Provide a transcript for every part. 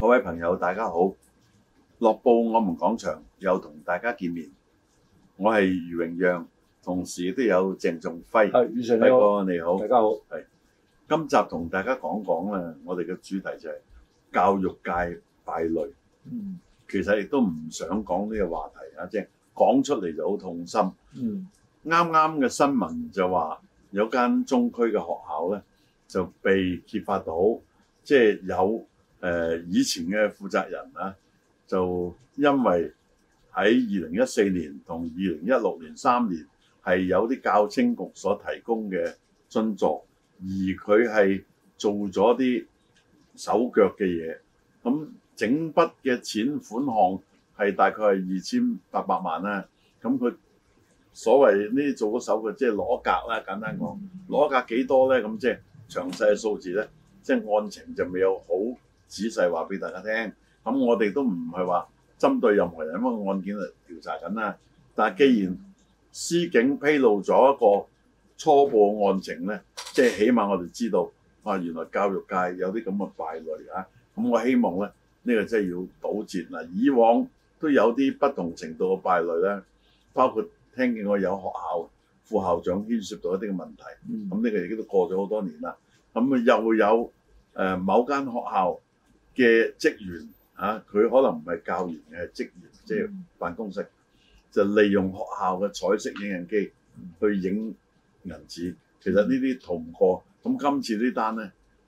各位朋友，大家好！樂報我們講場又同大家見面，我係余榮陽，同時都有鄭仲輝。係余常，你好，大家好。係今集同大家講講啦，我哋嘅主題就係教育界敗類。嗯。其實亦都唔想講呢個話題啊，即係講出嚟就好痛心。嗯，啱啱嘅新聞就話。有間中區嘅學校咧，就被揭發到，即、就、係、是、有誒、呃、以前嘅負責人啦、啊，就因為喺二零一四年同二零一六年三年係有啲教青局所提供嘅津助，而佢係做咗啲手腳嘅嘢，咁整筆嘅錢款項係大概係二千八百萬啦、啊，咁佢。所謂呢啲做嗰手嘅，即係攞格啦。簡單講，攞格幾多咧？咁即係詳細嘅數字咧，即係案情就未有好仔細話俾大家聽。咁我哋都唔係話針對任何人，因為案件嚟調查緊啦。但係既然司警披露咗一個初步嘅案情咧，即係起碼我哋知道哇，原來教育界有啲咁嘅敗類啊。咁我希望咧，呢個真係要堵截嗱。以往都有啲不同程度嘅敗類咧，包括。聽見我有學校副校長牽涉到一啲嘅問題，咁、嗯、呢個亦都過咗好多年啦。咁啊又有誒、呃、某間學校嘅職員啊，佢可能唔係教員嘅職員，即、嗯、係、就是、辦公室，就利用學校嘅彩色影印機去影銀紙。其實呢啲逃唔過。咁今次單呢單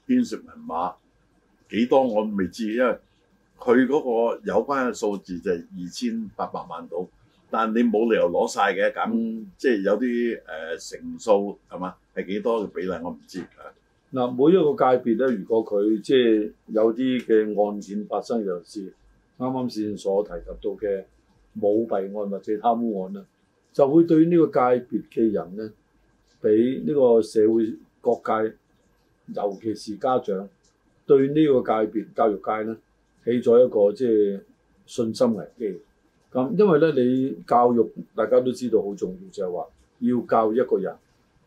咧，牽涉銀碼幾多我未知，因為佢嗰個有關嘅數字就係二千八百萬到。但你冇理由攞晒嘅，咁即係有啲誒成數，係、呃、嘛？係幾多嘅比例我唔知啊。嗱，每一個界別咧，如果佢即係有啲嘅案件發生，尤其是啱啱先所提及到嘅舞弊案或者貪污案啊，就會對呢個界別嘅人咧，俾呢個社會各界，尤其是家長，對呢個界別教育界咧，起咗一個即係信心危機。咁，因為咧，你教育大家都知道好重要，就係話要教一個人，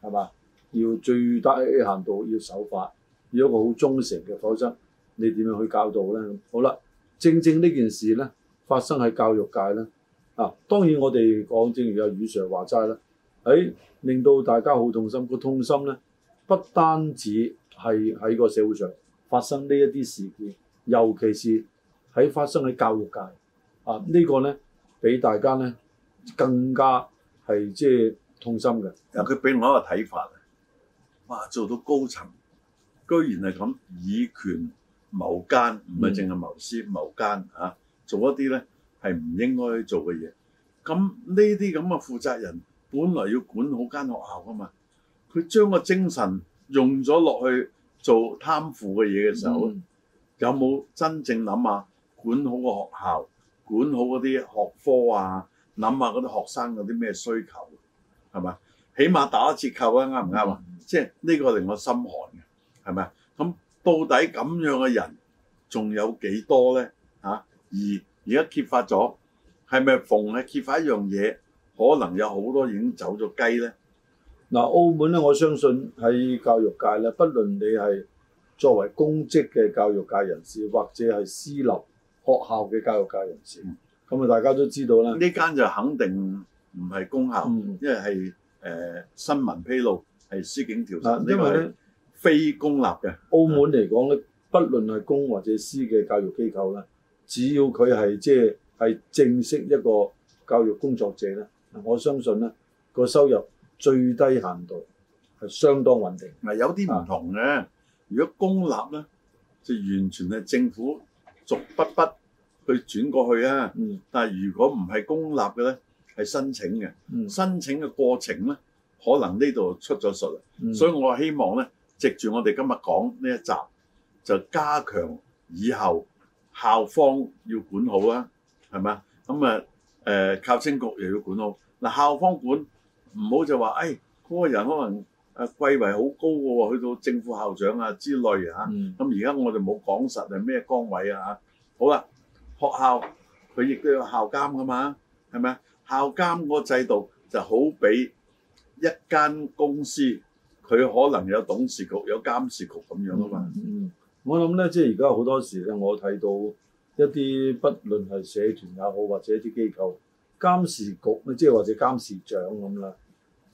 係嘛？要最低限度要守法，要一個好忠誠嘅，否則你點樣去教導咧？咁好啦，正正呢件事咧發生喺教育界咧，啊，當然我哋講，正如阿宇 Sir 話齋啦，誒令到大家好痛心，個痛心咧不單止係喺個社會上發生呢一啲事件，尤其是喺發生喺教育界啊，呢個咧～俾大家咧更加係即係痛心嘅。佢俾我一個睇法啊！哇，做到高層居然係咁以權謀奸，唔係淨係謀私、嗯、謀奸啊！做一啲咧係唔應該去做嘅嘢。咁呢啲咁嘅負責人本來要管好間學校啊嘛，佢將個精神用咗落去做貪腐嘅嘢嘅時候，嗯、有冇真正諗下管好個學校？管好嗰啲學科啊，諗下嗰啲學生嗰啲咩需求，係嘛？起碼打折扣啊，啱唔啱啊？即係呢、這個令我心寒嘅，係咪？咁到底咁樣嘅人仲有幾多咧？嚇、啊、而而家揭發咗係咪逢咧？揭發一樣嘢，可能有好多已經走咗雞咧。嗱，澳門咧，我相信喺教育界咧，不論你係作為公職嘅教育界人士，或者係私立。學校嘅教育界人士，咁、嗯、啊大家都知道啦。呢間就肯定唔係公校，因為係、呃、新聞披露係司警調查。因為咧、這個、非公立嘅澳門嚟講咧，不論係公或者私嘅教育機構呢，只要佢係即係係正式一個教育工作者咧，我相信咧個收入最低限度係相當穩定。嗱，有啲唔同嘅，如果公立咧就完全係政府。逐筆筆去轉過去啊！嗯、但係如果唔係公立嘅咧，係申請嘅、嗯。申請嘅過程咧，可能呢度出咗術、嗯，所以我希望咧，藉住我哋今日講呢一集，就加強以後校方要管好啊，係咪啊？咁啊誒，靠清局又要管好嗱，校方管唔好就話誒嗰個人可能。誒貴為好高喎，去到政府校長啊之類啊，咁而家我哋冇講實係咩崗位啊嚇。好啦，學校佢亦都有校監噶嘛，係咪啊？校監嗰個制度就好比一間公司，佢可能有董事局、有監事局咁樣啊嘛。嗯，嗯，我諗咧，即係而家好多時咧，我睇到一啲，不論係社團也好，或者一啲機構監事局咧，即係或者監事長咁啦。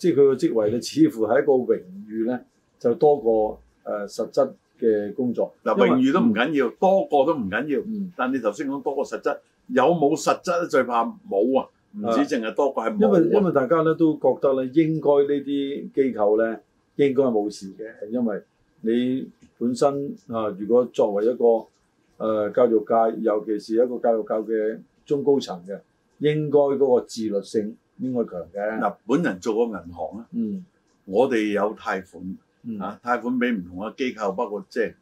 即係佢個職位咧，似乎係一個榮譽咧，就多過誒、呃、實質嘅工作。嗱，榮譽都唔緊要，要，多過都唔緊要，緊要、嗯，但你頭先講多過實質，有冇實質最怕冇啊，唔止淨係多過係冇。因為因為大家咧都覺得咧，應該呢啲機構咧應該冇事嘅，因為你本身啊，如果作為一個誒、呃、教育界，尤其是一個教育界嘅中高層嘅，應該嗰個自律性。應該強嘅。本人做過銀行、嗯嗯、啊，我哋有貸款嚇，貸款俾唔同嘅機構，包括即係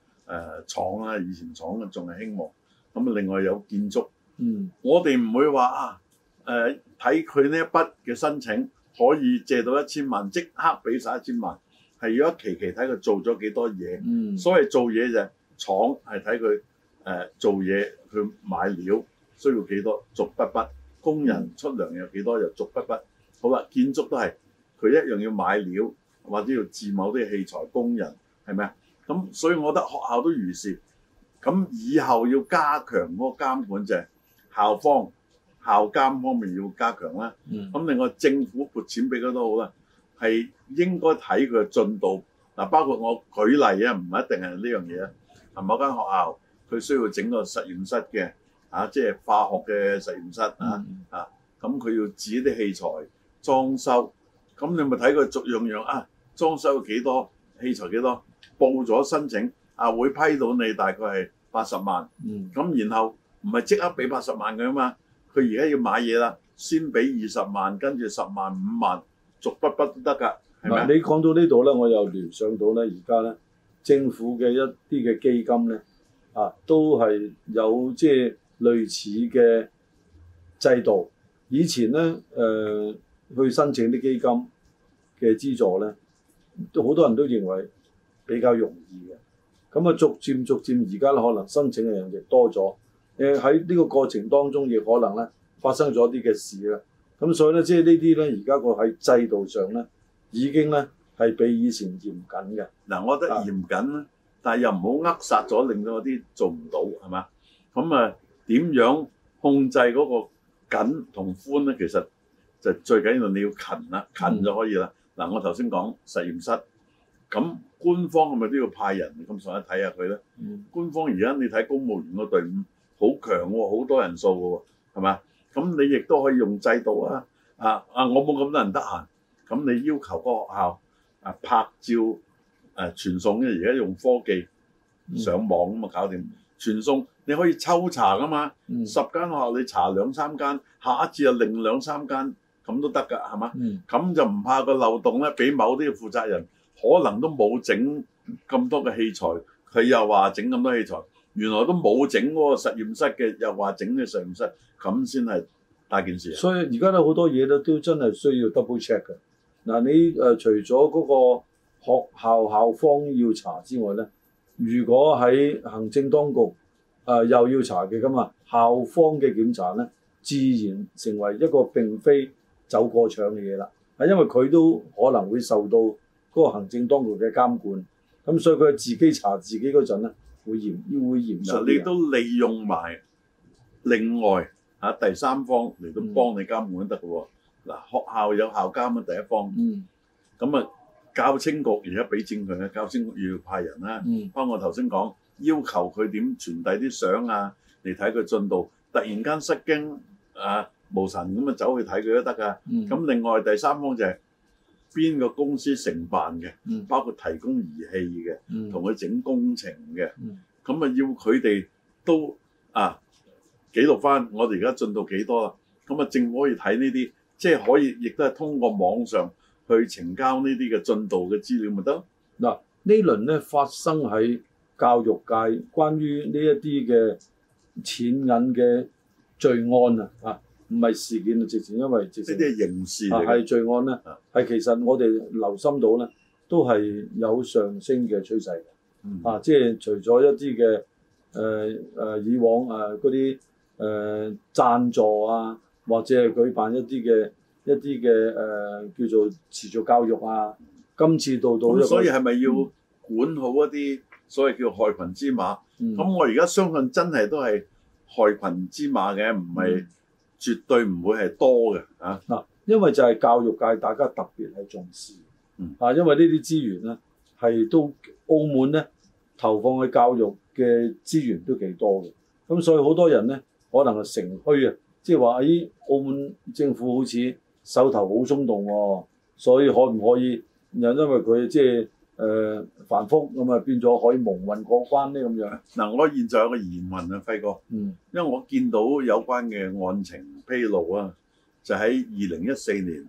廠啦，以前廠啊，仲係興旺。咁另外有建築、嗯，我哋唔會話啊睇佢呢一筆嘅申請可以借到一千萬，即刻俾晒一千萬，係要一期一期睇佢做咗幾多嘢、嗯。所謂做嘢就係廠係睇佢做嘢，去買料需要幾多，逐筆筆。工人出糧有幾多少又逐筆筆，好啦，建築都係佢一樣要買料或者要置某啲器材，工人係咪啊？咁所以我覺得學校都如是。咁以後要加強嗰個監管，就係校方、校監方面要加強啦。咁另外政府撥錢俾佢都好啦，係應該睇佢嘅進度。嗱，包括我舉例啊，唔一定係呢樣嘢啊。某間學校佢需要整個實驗室嘅。啊！即係化學嘅實驗室啊、嗯、啊！咁、啊、佢、啊、要指啲器材裝修，咁、啊、你咪睇佢逐用樣,樣啊！裝修幾多器材幾多報咗申請啊？會批到你大概係八十萬。嗯，咁、啊啊、然後唔係即刻俾八十萬㗎嘛？佢而家要買嘢啦，先俾二十萬，跟住十萬五萬逐筆不得㗎。咪你講到呢度咧，我又聯想到咧，而家咧政府嘅一啲嘅基金咧啊，都係有即係。類似嘅制度，以前咧誒、呃、去申請啲基金嘅資助咧，都好多人都認為比較容易嘅。咁啊，逐漸逐漸而家咧，可能申請嘅人亦多咗。誒喺呢個過程當中，亦可能咧發生咗啲嘅事啦。咁所以咧，即係呢啲咧，而家我喺制度上咧，已經咧係比以前嚴謹嘅。嗱、啊，我覺得嚴謹啦、啊，但係又唔好扼殺咗，令到啲做唔到係嘛？咁、嗯、啊～點樣控制嗰個緊同寬咧？其實就最緊要你要勤啦，勤就可以啦。嗱、嗯啊，我頭先講實驗室，咁官方係咪都要派人咁上去睇下佢咧？官方而家你睇公務員個隊伍好強喎、哦，好多人數喎、哦，係咪？咁你亦都可以用制度啊。啊啊，我冇咁多人得閒，咁你要求個學校啊拍照誒傳送咧，而家用科技上網咁啊搞掂。嗯傳送你可以抽查㗎嘛、嗯，十間學校你查兩三間，下一次又另兩三間咁都得㗎，係嘛？咁、嗯、就唔怕個漏洞咧，俾某啲嘅負責人、嗯、可能都冇整咁多嘅器材，佢、嗯、又話整咁多器材，原來都冇整嗰個實驗室嘅，又話整嘅實驗室，咁先係大件事。所以而家咧好多嘢咧都真係需要 double check 嘅。嗱，你、呃、除咗嗰個學校校方要查之外咧？如果喺行政當局啊、呃、又要查嘅咁啊，校方嘅檢查咧，自然成為一個並非走過場嘅嘢啦。係因為佢都可能會受到嗰個行政當局嘅監管，咁所以佢自己查自己嗰陣咧會嚴，要會嚴。其實你都利用埋另外嚇、啊、第三方嚟到幫你監管得㗎喎。嗱、嗯，學校有校監嘅第一方。嗯。咁啊。教青局而家俾正佢，嘅，教青局要派人啦，嗯、包括我頭先講要求佢點傳遞啲相啊，嚟睇佢進度。突然間失驚啊無神咁啊走去睇佢都得㗎。咁、嗯、另外第三方就係、是、邊個公司承辦嘅、嗯，包括提供儀器嘅，同、嗯、佢整工程嘅，咁、嗯、啊要佢哋都啊記錄翻我哋而家進度幾多啦。咁啊政府可以睇呢啲，即係可以亦都係通過網上。去呈交呢啲嘅進度嘅資料咪得？嗱呢輪咧發生喺教育界，關於呢一啲嘅錢銀嘅罪案啊，嚇唔係事件啊，直情因為直情呢啲刑事啊係罪案咧，係其實我哋留心到咧都係有上升嘅趨勢嘅、嗯，啊即係除咗一啲嘅誒誒以往誒嗰啲誒贊助啊，或者係舉辦一啲嘅。一啲嘅誒叫做持續教育啊，嗯、今次到到所以係咪要管好一啲所謂叫害群之馬？咁、嗯、我而家相信真係都係害群之馬嘅，唔、嗯、係絕對唔會係多嘅、嗯、啊嗱，因為就係教育界大家特別係重視、嗯、啊，因為呢啲資源咧係都澳門咧投放去教育嘅資源都幾多嘅，咁所以好多人咧可能係城區啊，即係話咦，澳門政府好似。手頭好鬆動喎、哦，所以可唔可以？又因為佢即係誒繁複，咁啊變咗可以蒙混過關呢？咁樣。嗱，我現在有個疑問啊，輝哥，嗯，因為我見到有關嘅案情披露啊，就喺二零一四年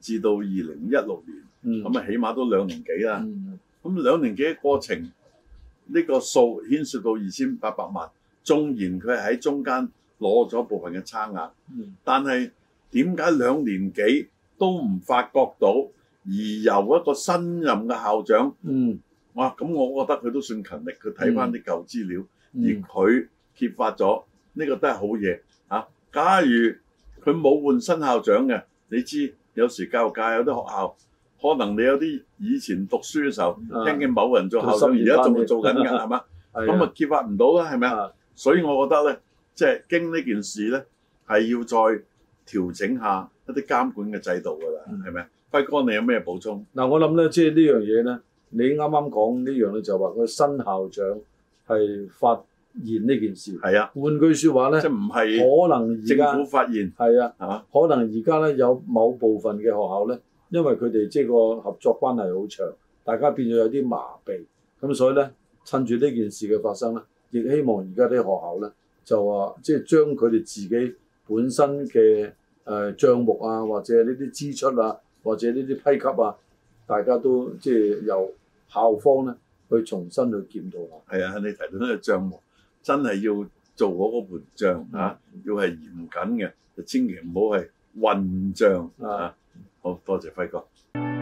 至到二零一六年，咁、嗯、啊起碼都兩年幾啦。咁、嗯、兩年幾嘅過程，呢、呢個數牽涉到二千八百萬，縱然佢喺中間攞咗部分嘅差額、嗯，但係。點解兩年幾都唔發覺到，而由一個新任嘅校長，嗯，哇、啊，咁我覺得佢都算勤力，佢睇翻啲舊資料，嗯嗯、而佢揭發咗，呢、呢個都係好嘢嚇、啊。假如佢冇換新校長嘅，你知有時教育界有啲學校，可能你有啲以前讀書嘅時候聽見某人做校長，而家仲未做緊㗎，係、嗯、嘛？咁 啊揭發唔到啦，係咪啊？所以我覺得咧，即、就、係、是、經呢件事咧，係要再。調整下一啲監管嘅制度㗎啦，係咪啊？輝哥，你有咩補充？嗱、嗯，我諗咧，即係呢樣嘢咧，你啱啱講呢樣咧，就話個新校長係發現呢件事。係啊，換句説話咧，即唔係可能而家政府發現？係啊，係嘛？可能而家咧有某部分嘅學校咧，因為佢哋即係個合作關係好長，大家變咗有啲麻痹，咁所以咧，趁住呢件事嘅發生咧，亦希望而家啲學校咧，就話即係將佢哋自己。本身嘅誒帳目啊，或者呢啲支出啊，或者呢啲批級啊，大家都即係由校方咧去重新去檢討下。係啊，你提到呢個帳目，真係要做好嗰盤帳啊，要係嚴謹嘅，就千祈唔好係混帳啊，啊！好多謝輝哥。